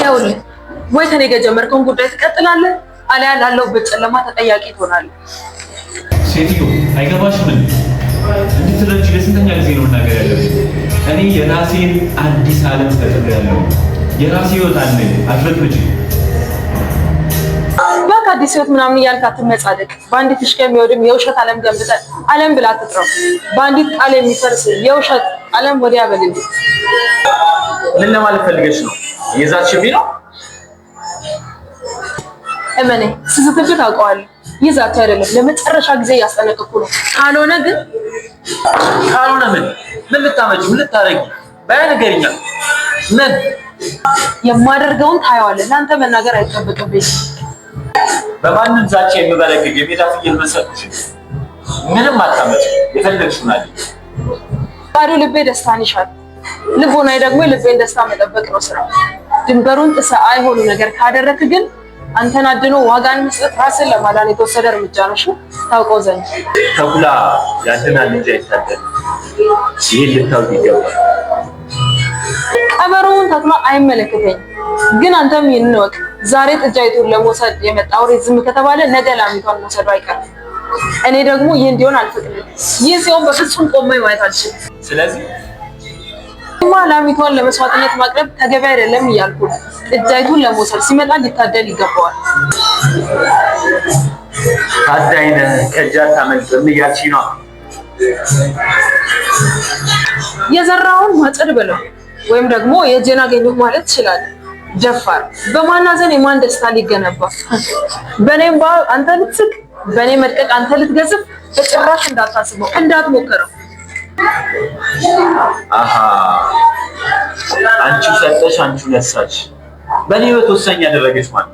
ይኸውልህ ወይ ከኔ ጋር ጀመርከውን ጉዳይ ትቀጥላለህ፣ አልያ ላለሁበት ጨለማ ተጠያቂ ትሆናለህ። ሴትዮ አይገባሽም። እንድትረጅ ለስንተኛ ጊዜ ነው መናገር ያለብኝ? እኔ የራሴን አዲስ ዓለም ያለው የራሴ ህይወት አለ። አትረጅ ባክ አዲስ ህይወት ምናምን እያልክ አትመጻደቅ። በአንዲት እሽከ የሚወድም የውሸት ዓለም ገንብተህ ዓለም ብላ አትጥራው። በአንዲት ቃል የሚፈርስ የውሸት አለም ወዲያ በልን ምን ለማለት ፈልገሽ ነው? እየዛትሽብኝ ነው። እመኔ ስስትብት አውቀዋለሁ። ይዛት አይደለም ለመጨረሻ ጊዜ እያስጠነቀቁ ነው። ካልሆነ ግን ካልሆነ ምን ምን ልታመጪ ምን ልታረጊ በያ ነገርኛ ምን የማደርገውን ታየዋለህ። ለአንተ መናገር አይጠበቅብኝ። በማንም ዛቻ የምበረግግ የሜዳ ፍየል መሰልኩሽ። ምንም አታመጪ የፈለግሽውን አለኝ ፈጣሪው ልቤ ደስታን ይሻል፣ ልቦናዬ ደግሞ ልቤን ደስታ መጠበቅ ነው ስራ። ድንበሩን ጥሰ አይሆኑ ነገር ካደረክ ግን አንተን አድኖ ዋጋን መስጠት ራስን ለማዳን የተወሰደ እርምጃ ነው። ታውቀው ዘንድ ተኩላ ያንተና ልጅ አይታደል። ይህን ልታውቅ ይገባል። ቀበሮውን ተኩላ አይመለከተኝም፣ ግን አንተም ይህን እወቅ። ዛሬ ጥጃይቱን ለመውሰድ የመጣ አውሬ ዝም ከተባለ ነገ ላሚቷን መውሰዱ አይቀርም። እኔ ደግሞ ይህ እንዲሆን አልፈቅድም። ይህ ሲሆን በፍጹም ቆሜ ማየት አልችልም። ስለዚህ ማ ላሚቷን ለመስዋዕትነት ማቅረብ ተገቢ አይደለም እያልኩ እጃይቱን ለመውሰድ ሲመጣ ሊታደል ይገባዋል። አዳይነ ከእጃ ታመልጥም እያልሽ ነው። የዘራውን ማጨድ ብለው ወይም ደግሞ የእጄን አገኘሁ ማለት ትችላለህ። ደፋር በማናዘን የማን ደስታ ሊገነባ በእኔም አንተ ልትስቅ በእኔ መድቀቅ አንተ ልትገዝፍ በጭራሽ እንዳታስበው እንዳትሞክረው። አሃ አንቺ ሰጠሽ፣ አንቺ ነሳች፣ በእኔ ህይወት ወሳኝ ያደረገች ማለት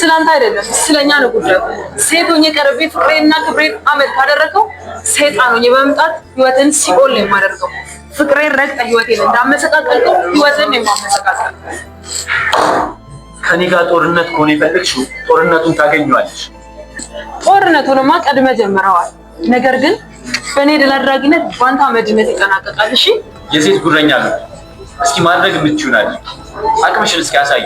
ስላንተ አይደለም ስለኛ ነው ጉዳዩ። ሴት ሆኜ ቀርቤ ፍቅሬና ክብሬን አመድ ካደረከው ሰይጣን ሆኜ በመምጣት ህይወትን ሲኦል ነው የማደርገው። ፍቅሬን ረግጠህ ህይወቴን እንዳመሰቃቀልከው ህይወትን ነው ከኔ ጋር ጦርነት ከሆነ የፈለግሽው ጦርነቱን ታገኘዋለሽ። ጦርነቱንማ ቀድመ ጀምረዋል። ነገር ግን በእኔ ድል አድራጊነት ባንተ መድነት ይጠናቀቃል። እሺ የሴት ጉረኛ ነው። እስኪ ማድረግ የምትችይውን አቅምሽን እስኪ አሳይ።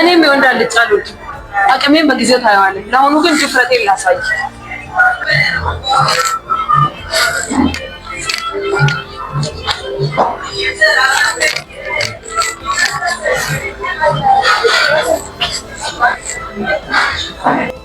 እኔም የወንድ አልጫ አልወድም። አቅሜን በጊዜው ታየዋለህ። ለአሁኑ ግን ድፍረቴን ላሳይ። 诶